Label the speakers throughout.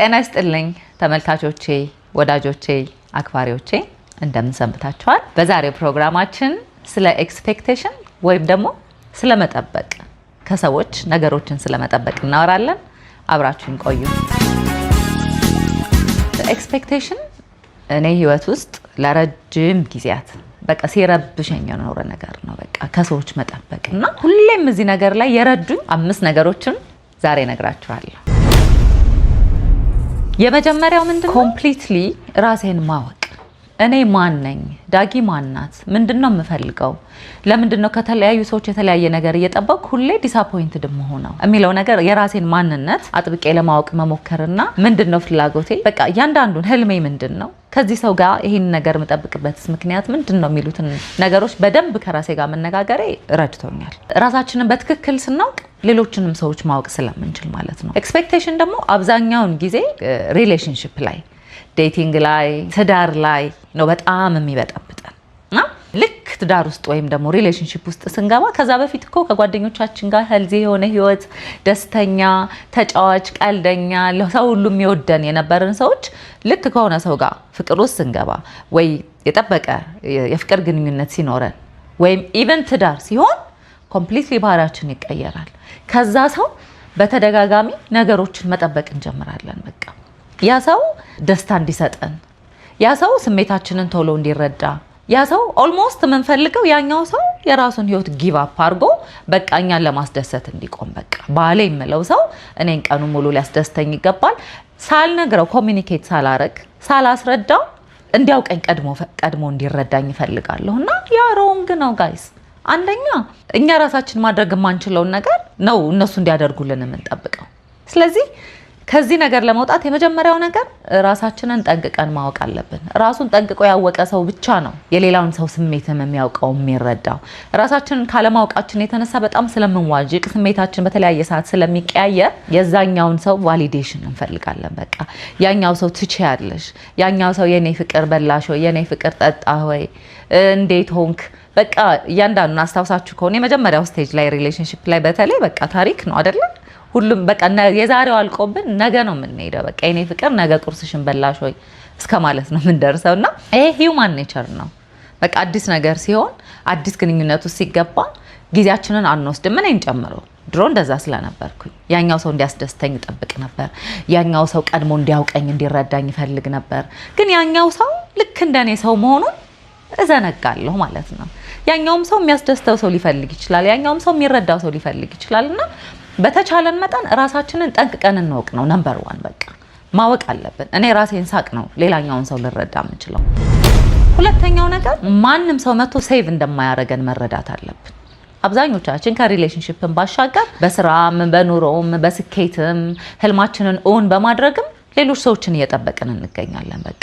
Speaker 1: ጤና ይስጥልኝ ተመልካቾቼ፣ ወዳጆቼ፣ አክባሪዎቼ እንደምን ሰንብታችኋል? በዛሬው ፕሮግራማችን ስለ ኤክስፔክቴሽን ወይም ደግሞ ስለመጠበቅ ከሰዎች ነገሮችን ስለመጠበቅ እናወራለን። አብራችሁን ቆዩ። ኤክስፔክቴሽን እኔ ህይወት ውስጥ ለረጅም ጊዜያት በቃ ሲረብሸኝ የኖረ ነገር ነው። በቃ ከሰዎች መጠበቅ እና ሁሌም እዚህ ነገር ላይ የረዱኝ አምስት ነገሮችን ዛሬ ነግራችኋለሁ። የመጀመሪያው ምንድን ነው ኮምፕሊትሊ ራሴን ማወቅ እኔ ማን ነኝ? ዳጊ ማናት? ምንድን ነው የምፈልገው? ለምንድን ነው ከተለያዩ ሰዎች የተለያየ ነገር እየጠበቅ ሁሌ ዲሳፖይንትድ መሆነው የሚለው ነገር የራሴን ማንነት አጥብቄ ለማወቅ መሞከርና ምንድን ነው ፍላጎቴ፣ በቃ እያንዳንዱን ህልሜ ምንድን ነው ከዚህ ሰው ጋር ይህን ነገር የምጠብቅበትስ ምክንያት ምንድን ነው የሚሉትን ነገሮች በደንብ ከራሴ ጋር መነጋገሬ ረድቶኛል። ራሳችንን በትክክል ስናውቅ ሌሎችንም ሰዎች ማወቅ ስለምንችል ማለት ነው። ኤክስፔክቴሽን ደግሞ አብዛኛውን ጊዜ ሪሌሽንሽፕ ላይ፣ ዴቲንግ ላይ፣ ትዳር ላይ ነው በጣም የሚበጠብጠን እና ልክ ትዳር ውስጥ ወይም ደግሞ ሪሌሽንሽፕ ውስጥ ስንገባ ከዛ በፊት እኮ ከጓደኞቻችን ጋር ህልዚ የሆነ ህይወት፣ ደስተኛ፣ ተጫዋች፣ ቀልደኛ ሰው ሁሉ የሚወደን የነበርን ሰዎች ልክ ከሆነ ሰው ጋር ፍቅር ውስጥ ስንገባ ወይ የጠበቀ የፍቅር ግንኙነት ሲኖረን ወይም ኢቨን ትዳር ሲሆን ኮምፕሊትሊ ባህሪያችን ይቀየራል። ከዛ ሰው በተደጋጋሚ ነገሮችን መጠበቅ እንጀምራለን። በቃ ያ ሰው ደስታ እንዲሰጠን፣ ያ ሰው ስሜታችንን ቶሎ እንዲረዳ፣ ያ ሰው ኦልሞስት የምንፈልገው ያኛው ሰው የራሱን ህይወት ጊቭ አፕ አድርጎ በቃ እኛን ለማስደሰት እንዲቆም። በቃ ባሌ የምለው ሰው እኔን ቀኑ ሙሉ ሊያስደስተኝ ይገባል። ሳልነግረው፣ ኮሚኒኬት ሳላረግ፣ ሳላስረዳው እንዲያውቀኝ ቀድሞ እንዲረዳኝ ይፈልጋለሁ እና ያ ሮንግ ነው ጋይስ። አንደኛ እኛ ራሳችን ማድረግ የማንችለውን ነገር ነው እነሱ እንዲያደርጉልን የምንጠብቀው። ስለዚህ ከዚህ ነገር ለመውጣት የመጀመሪያው ነገር ራሳችንን ጠንቅቀን ማወቅ አለብን። ራሱን ጠንቅቆ ያወቀ ሰው ብቻ ነው የሌላውን ሰው ስሜትም የሚያውቀው የሚረዳው። ራሳችንን ካለማወቃችን የተነሳ በጣም ስለምንዋዥቅ፣ ስሜታችን በተለያየ ሰዓት ስለሚቀያየር የዛኛውን ሰው ቫሊዴሽን እንፈልጋለን። በቃ ያኛው ሰው ትችያለሽ፣ ያኛው ሰው የኔ ፍቅር በላሽ ወይ፣ የኔ ፍቅር ጠጣ ወይ፣ እንዴት ሆንክ በቃ እያንዳንዱን አስታውሳችሁ ከሆነ የመጀመሪያው ስቴጅ ላይ ሪሌሽንሽፕ ላይ በተለይ በቃ ታሪክ ነው አይደለም ሁሉም በቃ የዛሬው አልቆብን ነገ ነው የምንሄደው። በቃ የኔ ፍቅር ነገ ቁርስሽን በላሽ ወይ እስከ ማለት ነው የምንደርሰው እና ይሄ ሂውማን ኔቸር ነው። በቃ አዲስ ነገር ሲሆን አዲስ ግንኙነቱ ሲገባ ጊዜያችንን አንወስድም፣ እኔን ጨምሮ። ድሮ እንደዛ ስለነበርኩኝ ያኛው ሰው እንዲያስደስተኝ እጠብቅ ነበር። ያኛው ሰው ቀድሞ እንዲያውቀኝ እንዲረዳኝ ይፈልግ ነበር። ግን ያኛው ሰው ልክ እንደኔ ሰው መሆኑን እዘነጋለሁ ማለት ነው። ያኛውም ሰው የሚያስደስተው ሰው ሊፈልግ ይችላል። ያኛውም ሰው የሚረዳው ሰው ሊፈልግ ይችላል እና በተቻለን መጠን ራሳችንን ጠንቅቀን እንወቅ ነው ነምበር ዋን። በቃ ማወቅ አለብን። እኔ ራሴን ሳቅ ነው ሌላኛውን ሰው ልረዳ የምንችለው። ሁለተኛው ነገር ማንም ሰው መቶ ሴቭ እንደማያደርገን መረዳት አለብን። አብዛኞቻችን ከሪሌሽንሽፕን ባሻገር በስራም በኑሮም በስኬትም ህልማችንን እውን በማድረግም ሌሎች ሰዎችን እየጠበቅን እንገኛለን በቃ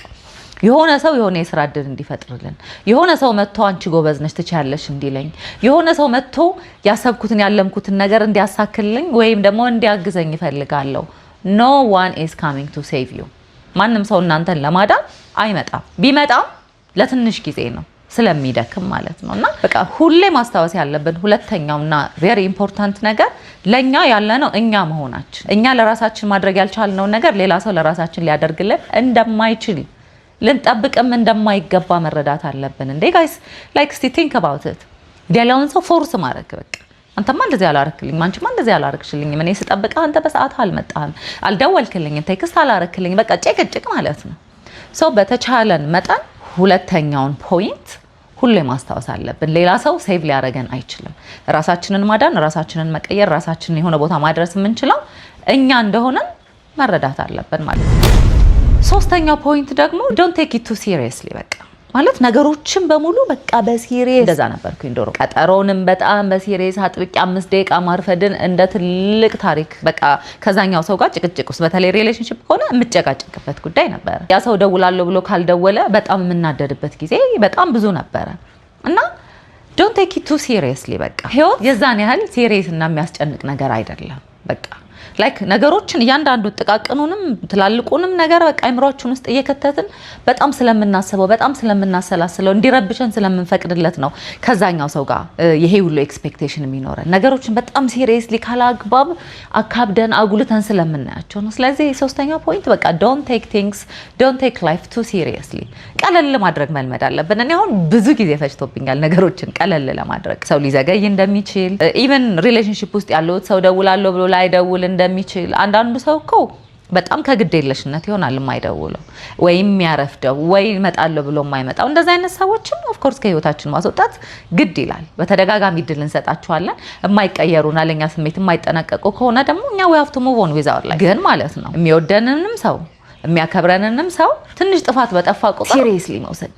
Speaker 1: የሆነ ሰው የሆነ የስራ እድል እንዲፈጥርልን፣ የሆነ ሰው መጥቶ አንቺ ጎበዝ ነሽ ትችያለሽ እንዲለኝ፣ የሆነ ሰው መጥቶ ያሰብኩትን ያለምኩትን ነገር እንዲያሳክልኝ ወይም ደግሞ እንዲያግዘኝ ይፈልጋለሁ። ኖ ዋን ኢዝ ካሚንግ ቱ ሴቭ ዩ። ማንም ሰው እናንተን ለማዳን አይመጣም። ቢመጣም ለትንሽ ጊዜ ነው ስለሚደክም ማለት ነው። እና በቃ ሁሌ ማስታወስ ያለብን ሁለተኛውና ቬሪ ኢምፖርታንት ነገር ለእኛ ያለነው እኛ መሆናችን፣ እኛ ለራሳችን ማድረግ ያልቻልነውን ነገር ሌላ ሰው ለራሳችን ሊያደርግልን እንደማይችል ልንጠብቅም እንደማይገባ መረዳት አለብን። እንዴ ጋይስ ላይክ ስቲ ቲንክ አባውት ኢት ያለውን ሰው ፎርስ ማድረግ በቃ አንተማ እንደዚህ አላረክልኝም፣ አንቺማ እንደዚህ አላረክሽልኝ፣ እኔ ስጠብቅህ አንተ በሰዓት አልመጣህም፣ አልደወልክልኝም፣ ቴክስት አላረክልኝ፣ በቃ ጭቅጭቅ ማለት ነው። ሰው በተቻለን መጠን ሁለተኛውን ፖይንት ሁሌ ማስታወስ አለብን። ሌላ ሰው ሴቭ ሊያደረገን አይችልም። ራሳችንን ማዳን፣ ራሳችንን መቀየር፣ ራሳችንን የሆነ ቦታ ማድረስ የምንችለው እኛ እንደሆነን መረዳት አለብን ማለት ነው። ሶስተኛው ፖይንት ደግሞ ዶንት ቴክ ኢት ቱ ሲሪየስሊ በቃ ማለት ነገሮችን በሙሉ በቃ በሲሪየስ እንደዛ ነበርኩኝ ዶሮ። ቀጠሮንም በጣም በሲሪየስ አጥብቄ አምስት ደቂቃ ማርፈድን እንደ ትልቅ ታሪክ በቃ ከዛኛው ሰው ጋር ጭቅጭቅ ውስጥ በተለይ ሪሌሽንሽፕ ከሆነ የምጨቃጭቅበት ጉዳይ ነበረ። ያ ሰው ደውላለሁ ብሎ ካልደወለ በጣም የምናደድበት ጊዜ በጣም ብዙ ነበረ እና ዶንት ቴክ ኢት ቱ ሲሪየስሊ በቃ ህይወት የዛን ያህል ሲሪየስ እና የሚያስጨንቅ ነገር አይደለም በቃ ላይክ ነገሮችን እያንዳንዱ ጥቃቅኑንም ትላልቁንም ነገር በቃ አይምሯችን ውስጥ እየከተትን በጣም ስለምናስበው በጣም ስለምናሰላስለው እንዲረብሸን ስለምንፈቅድለት ነው ከዛኛው ሰው ጋር ይሄ ሁሉ ኤክስፔክቴሽን የሚኖረን ነገሮችን በጣም ሲሪየስሊ አግባብ አካብደን አጉልተን ስለምናያቸው ነው። ስለዚህ ሶስተኛው ፖይንት በቃ ዶን ቴክ ቲንግስ ዶን ቴክ ላይፍ ቱ ሲሪየስሊ ቀለል ማድረግ መልመድ አለብን። እኔ አሁን ብዙ ጊዜ ፈጅቶብኛል ነገሮችን ቀለል ለማድረግ ሰው ሊዘገይ እንደሚችል ኢቨን ሪሌሽንሽፕ ውስጥ ያለሁት ሰው ደውላለሁ ብሎ ላይደውል እንደሚችል አንዳንዱ ሰው እኮ በጣም ከግድ የለሽነት ይሆናል የማይደውለው ወይም የሚያረፍደው ወይ እመጣለሁ ብሎ የማይመጣው እንደዚ አይነት ሰዎችም ኦፍኮርስ ከህይወታችን ማስወጣት ግድ ይላል። በተደጋጋሚ እድል እንሰጣቸዋለን። የማይቀየሩና ለእኛ ስሜት የማይጠነቀቁ ከሆነ ደግሞ እኛ ወይ ሀብቱ ሙቭ ኦን ላይ ግን ማለት ነው የሚወደንንም ሰው የሚያከብረንንም ሰው ትንሽ ጥፋት በጠፋ ቁጥር ሲሪየስሊ መውሰድ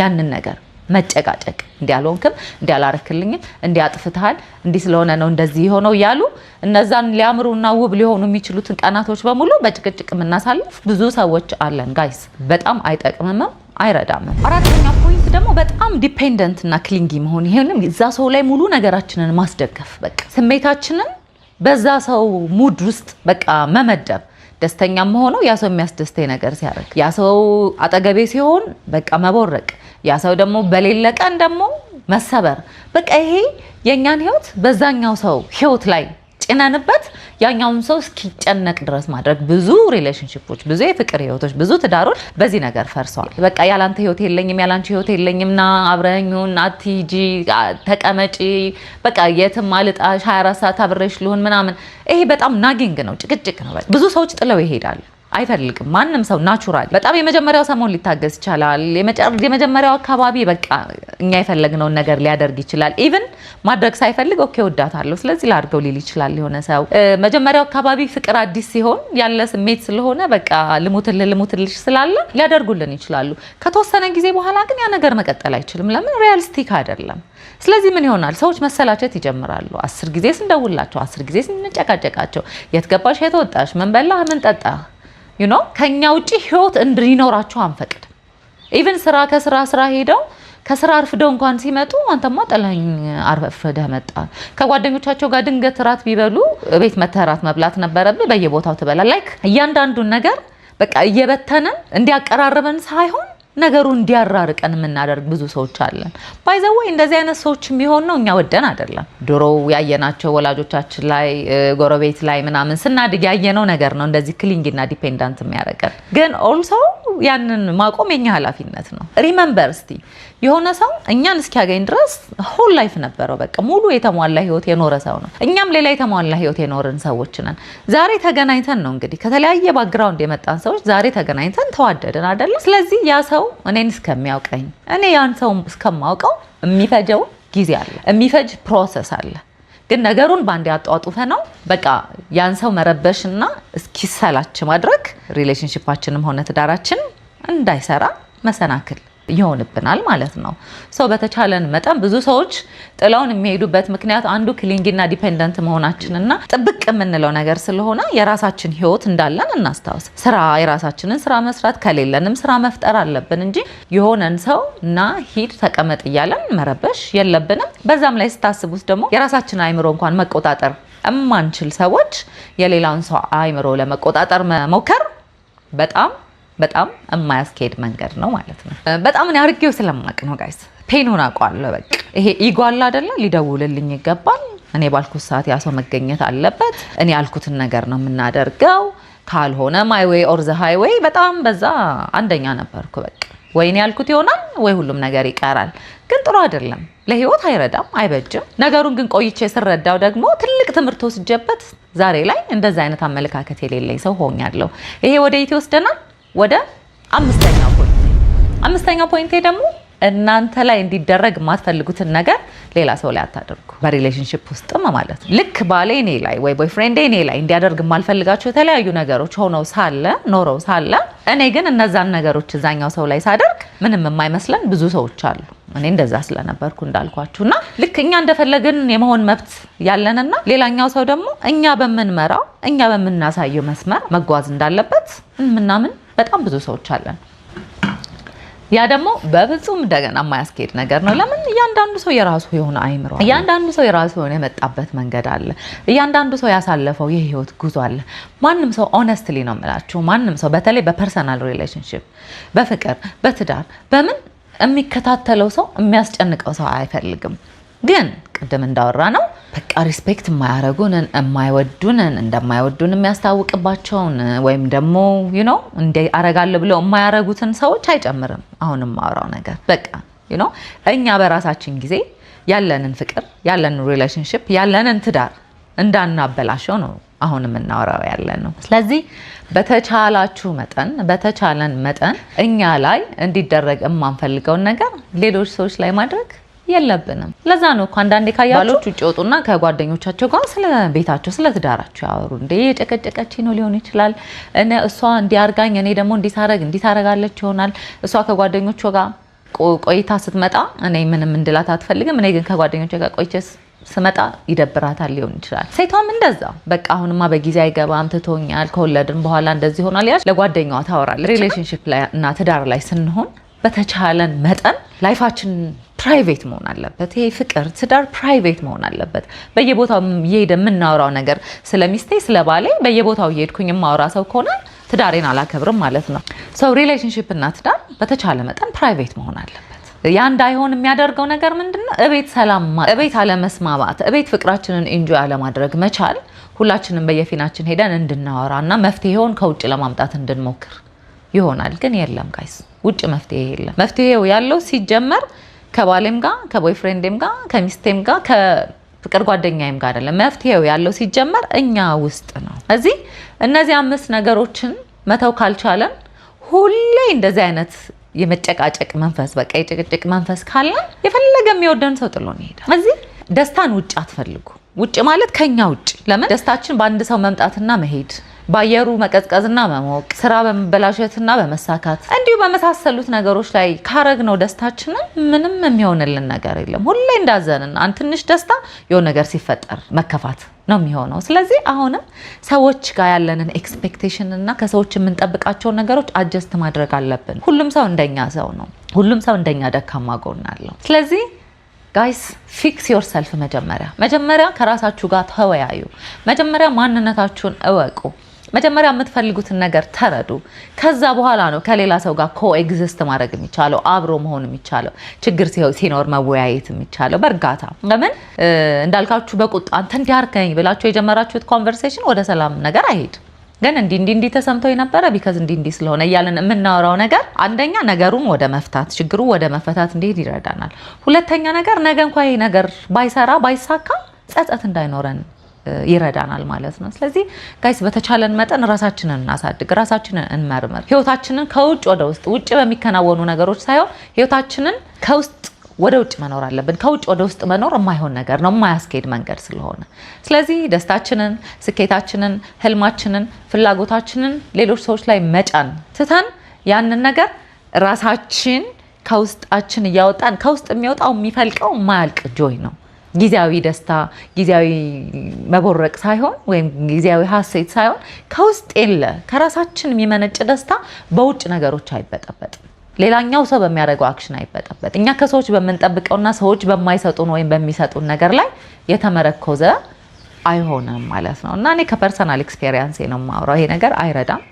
Speaker 1: ያንን ነገር መጨቃጨቅ እንዲያልሆንክም እንዲያላረክልኝም እንዲያጥፍትሃል እንዲህ ስለሆነ ነው እንደዚህ የሆነው እያሉ እነዛን ሊያምሩና ውብ ሊሆኑ የሚችሉትን ቀናቶች በሙሉ በጭቅጭቅ የምናሳልፍ ብዙ ሰዎች አለን። ጋይስ በጣም አይጠቅምምም አይረዳምም። አራተኛ ፖይንት ደግሞ በጣም ዲፔንደንት እና ክሊንጊ መሆን፣ ይሄንም እዛ ሰው ላይ ሙሉ ነገራችንን ማስደገፍ፣ በቃ ስሜታችንን በዛ ሰው ሙድ ውስጥ በቃ መመደብ ደስተኛም ሆነው ያ ሰው የሚያስደስተኝ ነገር ሲያደርግ ያ ሰው አጠገቤ ሲሆን በቃ መቦረቅ ያ ሰው ደግሞ በሌለ ቀን ደግሞ መሰበር። በቃ ይሄ የእኛን ህይወት በዛኛው ሰው ህይወት ላይ ጭነንበት ያኛውን ሰው እስኪጨነቅ ድረስ ማድረግ። ብዙ ሪሌሽንሽፖች፣ ብዙ የፍቅር ህይወቶች፣ ብዙ ትዳሮች በዚህ ነገር ፈርሰዋል። በቃ ያላንተ ህይወት የለኝም፣ ያላንቺ ህይወት የለኝም፣ ና አብረኙን፣ አትሂጂ፣ ተቀመጪ፣ በቃ የትም አልጣሽ፣ 24 ሰዓት አብሬሽ ልሁን ምናምን። ይሄ በጣም ናጊንግ ነው፣ ጭቅጭቅ ነው። ብዙ ሰዎች ጥለው ይሄዳሉ። አይፈልግም ማንም ሰው ናቹራል። በጣም የመጀመሪያው ሰሞን ሊታገስ ይቻላል። የመጀመሪያው አካባቢ በቃ እኛ የፈለግነውን ነገር ሊያደርግ ይችላል። ኢቭን ማድረግ ሳይፈልግ ኦኬ ወዳታለሁ ስለዚህ ላድርገው ሊል ይችላል። የሆነ ሰው መጀመሪያው አካባቢ ፍቅር አዲስ ሲሆን ያለ ስሜት ስለሆነ በቃ ልሙትልህ ልሙትልሽ ስላለ ሊያደርጉልን ይችላሉ። ከተወሰነ ጊዜ በኋላ ግን ያ ነገር መቀጠል አይችልም። ለምን? ሪያሊስቲክ አይደለም። ስለዚህ ምን ይሆናል? ሰዎች መሰላቸት ይጀምራሉ። አስር ጊዜ ስንደውላቸው፣ አስር ጊዜ ስንጨቃጨቃቸው፣ የት ገባሽ፣ የት ወጣሽ፣ ምን በላህ፣ ምን ጠጣ ዩ ኖ ከኛ ውጪ ህይወት እንዲኖራቸው አንፈቅድ። ኢቭን ስራ ከስራ ስራ ሄደው ከስራ አርፍደው እንኳን ሲመጡ አንተማ ጥለኸኝ አርፍደህ መጣ። ከጓደኞቻቸው ጋር ድንገት እራት ቢበሉ ቤት መተህ እራት መብላት ነበረብህ። በየቦታው ትበላለህ። ላይክ እያንዳንዱን ነገር በቃ እየበተነን እንዲያቀራርበን ሳይሆን ነገሩ እንዲያራርቀን የምናደርግ ብዙ ሰዎች አለን። ባይዘወይ እንደዚህ አይነት ሰዎች የሚሆን ነው እኛ ወደን አይደለም። ድሮ ያየናቸው ወላጆቻችን ላይ ጎረቤት ላይ ምናምን ስናድግ ያየነው ነገር ነው እንደዚህ ክሊንግና ዲፔንዳንት የሚያደርገን። ግን ኦልሶ ያንን ማቆም የኛ ኃላፊነት ነው። ሪመምበር እስቲ የሆነ ሰው እኛን እስኪያገኝ ድረስ ሆል ላይፍ ነበረው። በቃ ሙሉ የተሟላ ህይወት የኖረ ሰው ነው። እኛም ሌላ የተሟላ ህይወት የኖርን ሰዎች ነን። ዛሬ ተገናኝተን ነው እንግዲህ ከተለያየ ባክግራውንድ የመጣን ሰዎች ዛሬ ተገናኝተን ተዋደድን አይደለ? ስለዚህ ያ ሰው እኔን እስከሚያውቀኝ እኔ ያን ሰው እስከማውቀው የሚፈጀው ጊዜ አለ፣ የሚፈጅ ፕሮሰስ አለ። ግን ነገሩን በአንድ ያጧጡፈ ነው በቃ ያን ሰው መረበሽና እስኪሰላች ማድረግ ሪሌሽንሽፓችንም ሆነ ትዳራችን እንዳይሰራ መሰናክል ይሆንብናል ማለት ነው። ሰው በተቻለን መጠን ብዙ ሰዎች ጥለውን የሚሄዱበት ምክንያት አንዱ እና ዲፔንደንት መሆናችንና ጥብቅ የምንለው ነገር ስለሆነ የራሳችን ህይወት እንዳለን እናስታውስ። ስራ የራሳችንን ስራ መስራት ከሌለንም ስራ መፍጠር አለብን እንጂ የሆነን ሰው እና ሂድ ተቀመጥ እያለን መረበሽ የለብንም። በዛም ላይ ስታስቡት ደግሞ የራሳችን አይምሮ እንኳን መቆጣጠር እማንችል ሰዎች የሌላውን ሰው አይምሮ ለመቆጣጠር መሞከር በጣም በጣም የማያስኬድ መንገድ ነው ማለት ነው። በጣም እኔ አርጌው ስለማቅ ነው ጋይስ ፔኑን አውቀዋለሁ። በቃ ይሄ ኢጓል አደለ፣ ሊደውልልኝ ይገባል። እኔ ባልኩት ሰዓት ያ ሰው መገኘት አለበት። እኔ ያልኩትን ነገር ነው የምናደርገው። ካልሆነ ማይ ዌይ ኦር ዘ በጣም በዛ አንደኛ ነበርኩ። በቃ ወይ ያልኩት ይሆናል ወይ ሁሉም ነገር ይቀራል። ግን ጥሩ አይደለም፣ ለህይወት አይረዳም፣ አይበጅም። ነገሩን ግን ቆይቼ ስረዳው ደግሞ ትልቅ ትምህርት ወስጄበት ዛሬ ላይ እንደዚ አይነት አመለካከት የሌለኝ ሰው ሆኛለሁ። ይሄ ወደ ኢትዮ ወስደናል። ወደ አምስተኛ ፖይንት። አምስተኛ ፖይንቴ ደግሞ እናንተ ላይ እንዲደረግ የማትፈልጉትን ነገር ሌላ ሰው ላይ አታደርጉ። በሪሌሽንሽፕ ውስጥም ማለት ነው። ልክ ባሌ እኔ ላይ ወይ ቦይፍሬንድ እኔ ላይ እንዲያደርግ የማልፈልጋቸው የተለያዩ ነገሮች ሆነው ሳለ ኖረው ሳለ እኔ ግን እነዛን ነገሮች እዛኛው ሰው ላይ ሳደርግ ምንም የማይመስለን ብዙ ሰዎች አሉ። እኔ እንደዛ ስለነበርኩ እንዳልኳችሁ እና ልክ እኛ እንደፈለግን የመሆን መብት ያለንና ሌላኛው ሰው ደግሞ እኛ በምንመራው እኛ በምናሳየው መስመር መጓዝ እንዳለበት ምናምን በጣም ብዙ ሰዎች አለን። ያ ደግሞ በፍጹም እንደገና የማያስኬድ ነገር ነው። ለምን እያንዳንዱ ሰው የራሱ የሆነ አይምሮ፣ እያንዳንዱ ሰው የራሱ የሆነ የመጣበት መንገድ አለ። እያንዳንዱ ሰው ያሳለፈው የህይወት ጉዞ አለ። ማንም ሰው ኦነስትሊ ነው የምላችሁ፣ ማንም ሰው በተለይ በፐርሰናል ሪሌሽንሽፕ፣ በፍቅር፣ በትዳር፣ በምን የሚከታተለው ሰው የሚያስጨንቀው ሰው አይፈልግም ግን ቅድም እንዳወራ ነው በቃ ሪስፔክት የማያደርጉንን የማይወዱንን እንደማይወዱን የሚያስታውቅባቸውን ወይም ደግሞ ነው እንደ አረጋለ ብለው የማያረጉትን ሰዎች አይጨምርም። አሁን የማወራው ነገር በቃ ነው እኛ በራሳችን ጊዜ ያለንን ፍቅር ያለንን ሪሌሽንሽፕ ያለንን ትዳር እንዳናበላሸው ነው አሁን የምናወራው ያለ ነው። ስለዚህ በተቻላችሁ መጠን በተቻለን መጠን እኛ ላይ እንዲደረግ የማንፈልገውን ነገር ሌሎች ሰዎች ላይ ማድረግ የለብንም። ለዛ ነው እኮ አንዳንዴ ካያቸው ባሎች ውጭ ወጡና ከጓደኞቻቸው ጋር ስለ ቤታቸው ስለ ትዳራቸው ያወሩ። እንደ የጨቀጨቀች ነው ሊሆን ይችላል እነ እሷ እንዲያርጋኝ እኔ ደግሞ እንዲታረግ እንዲታረጋለች ይሆናል። እሷ ከጓደኞቿ ጋር ቆይታ ስትመጣ እኔ ምንም እንድላት አትፈልግም። እኔ ግን ከጓደኞቿ ጋር ቆይቼስ ስመጣ ይደብራታል ሊሆን ይችላል። ሴቷም እንደዛ በቃ አሁንማ በጊዜ አይገባም ትቶኛል፣ ከወለድን በኋላ እንደዚህ ሆኗል ያች ለጓደኛዋ ታወራለች። ሪሌሽንሽፕ ላይ እና ትዳር ላይ ስንሆን በተቻለን መጠን ላይፋችን ፕራይቬት መሆን አለበት። ይሄ ፍቅር ትዳር ፕራይቬት መሆን አለበት። በየቦታው እየሄደ የምናወራው ነገር ስለ ሚስቴ ስለ ባሌ በየቦታው እየሄድኩኝ የማወራ ሰው ከሆነ ትዳሬን አላከብርም ማለት ነው። ሰው ሪሌሽንሽፕ እና ትዳር በተቻለ መጠን ፕራይቬት መሆን አለበት። ያ እንዳይሆን የሚያደርገው ነገር ምንድን ነው? እቤት ሰላም፣ እቤት አለመስማማት፣ እቤት ፍቅራችንን ኢንጆይ አለማድረግ መቻል ሁላችንም በየፊናችን ሄደን እንድናወራ እና መፍትሄውን ከውጭ ለማምጣት እንድንሞክር ይሆናል። ግን የለም ጋይስ፣ ውጭ መፍትሄ የለም። መፍትሄው ያለው ሲጀመር ከባሌም ጋር ከቦይፍሬንድም ጋር ከሚስቴም ጋር ከፍቅር ጓደኛዬም ጋር አይደለም። መፍትሄው ያለው ሲጀመር እኛ ውስጥ ነው። እዚህ እነዚህ አምስት ነገሮችን መተው ካልቻለን ሁሌ እንደዚህ አይነት የመጨቃጨቅ መንፈስ በቃ የጭቅጭቅ መንፈስ ካለን የፈለገ የሚወደን ሰው ጥሎን ይሄዳል። እዚህ ደስታን ውጭ አትፈልጉ። ውጭ ማለት ከኛ ውጭ። ለምን ደስታችን በአንድ ሰው መምጣትና መሄድ በአየሩ መቀዝቀዝና መሞቅ፣ ስራ በመበላሸትና በመሳካት እንዲሁ በመሳሰሉት ነገሮች ላይ ካረግነው ደስታችንን ምንም የሚሆንልን ነገር የለም። ሁሌ እንዳዘንን አንድ ትንሽ ደስታ የሆነ ነገር ሲፈጠር መከፋት ነው የሚሆነው። ስለዚህ አሁንም ሰዎች ጋር ያለንን ኤክስፔክቴሽን እና ከሰዎች የምንጠብቃቸውን ነገሮች አጀስት ማድረግ አለብን። ሁሉም ሰው እንደኛ ሰው ነው። ሁሉም ሰው እንደኛ ደካማ ጎን አለው። ስለዚህ ጋይስ ፊክስ ዮር ሰልፍ መጀመሪያ መጀመሪያ ከራሳችሁ ጋር ተወያዩ። መጀመሪያ ማንነታችሁን እወቁ። መጀመሪያ የምትፈልጉትን ነገር ተረዱ። ከዛ በኋላ ነው ከሌላ ሰው ጋር ኮኤግዚስት ማድረግ የሚቻለው አብሮ መሆን የሚቻለው ችግር ሲኖር መወያየት የሚቻለው በእርጋታ። ለምን እንዳልካችሁ በቁጣ አንተ እንዲያርከኝ ብላችሁ የጀመራችሁት ኮንቨርሴሽን ወደ ሰላም ነገር አይሄድ ግን እንዲህ እንዲህ እንዲህ ተሰምቶ የነበረ ቢከዝ እንዲህ እንዲህ ስለሆነ እያለን የምናወራው ነገር አንደኛ ነገሩን ወደ መፍታት ችግሩ ወደ መፈታት እንዲሄድ ይረዳናል። ሁለተኛ ነገር ነገ እንኳ ይሄ ነገር ባይሰራ ባይሳካ ጸጸት እንዳይኖረን ይረዳናል ማለት ነው። ስለዚህ ጋይስ በተቻለን መጠን ራሳችንን እናሳድግ፣ ራሳችንን እንመርምር። ህይወታችንን ከውጭ ወደ ውስጥ ውጭ በሚከናወኑ ነገሮች ሳይሆን ህይወታችንን ከውስጥ ወደ ውጭ መኖር አለብን። ከውጭ ወደ ውስጥ መኖር የማይሆን ነገር ነው፣ የማያስኬድ መንገድ ስለሆነ ስለዚህ ደስታችንን፣ ስኬታችንን፣ ህልማችንን፣ ፍላጎታችንን ሌሎች ሰዎች ላይ መጫን ትተን ያንን ነገር ራሳችን ከውስጣችን እያወጣን ከውስጥ የሚወጣው የሚፈልቀው የማያልቅ ጆይ ነው። ጊዜያዊ ደስታ፣ ጊዜያዊ መቦረቅ ሳይሆን ወይም ጊዜያዊ ሀሴት ሳይሆን ከውስጥ የለ ከራሳችን የሚመነጭ ደስታ በውጭ ነገሮች አይበጠበጥም። ሌላኛው ሰው በሚያደርገው አክሽን አይበጠበጥ። እኛ ከሰዎች በምንጠብቀውና ሰዎች በማይሰጡን ወይም በሚሰጡን ነገር ላይ የተመረኮዘ አይሆንም ማለት ነው እና እኔ ከፐርሰናል ኤክስፔሪንስ ነው የማወራው። ይሄ ነገር አይረዳም፣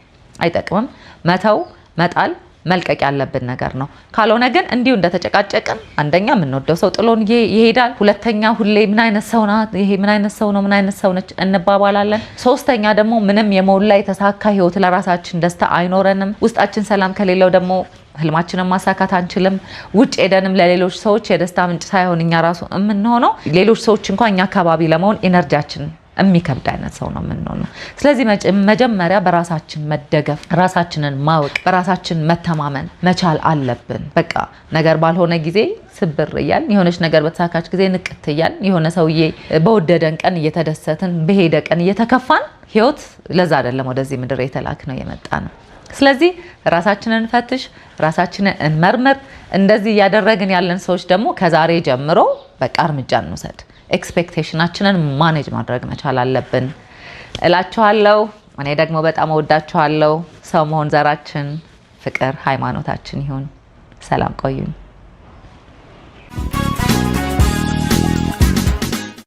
Speaker 1: አይጠቅምም። መተው መጣል መልቀቅ ያለብን ነገር ነው። ካልሆነ ግን እንዲሁ እንደተጨቃጨቅን አንደኛ የምንወደው ሰው ጥሎን ይሄዳል። ሁለተኛ ሁሌ ምን አይነት ሰው ናት ይሄ ምን አይነት ሰው ነው ምን አይነት ሰው ነች እንባባላለን። ሶስተኛ ደግሞ ምንም የሞላ የተሳካ ህይወት ለራሳችን ደስታ አይኖረንም። ውስጣችን ሰላም ከሌለው ደግሞ ህልማችንን ማሳካት አንችልም። ውጭ ሄደንም ለሌሎች ሰዎች የደስታ ምንጭ ሳይሆን እኛ ራሱ የምንሆነው ሌሎች ሰዎች እንኳ እኛ አካባቢ ለመሆን ኢነርጂያችንን የሚከብድ አይነት ሰው ነው ነው። ስለዚህ መጀመሪያ በራሳችን መደገፍ፣ ራሳችንን ማወቅ፣ በራሳችን መተማመን መቻል አለብን። በቃ ነገር ባልሆነ ጊዜ ስብር እያል የሆነች ነገር በተሳካች ጊዜ ንቅት እያል የሆነ ሰውዬ በወደደን ቀን እየተደሰትን በሄደ ቀን እየተከፋን ህይወት ለዛ አይደለም ወደዚህ ምድር የተላክ ነው የመጣ ነው። ስለዚህ ራሳችንን ፈትሽ፣ ራሳችንን እንመርምር። እንደዚህ እያደረግን ያለን ሰዎች ደግሞ ከዛሬ ጀምሮ በቃ እርምጃ እንውሰድ። ኤክስፔክቴሽናችንን ማኔጅ ማድረግ መቻል አለብን እላችኋለሁ። እኔ ደግሞ በጣም እወዳችኋለሁ። ሰው መሆን ዘራችን፣ ፍቅር ሃይማኖታችን ይሁን። ሰላም ቆዩኝ።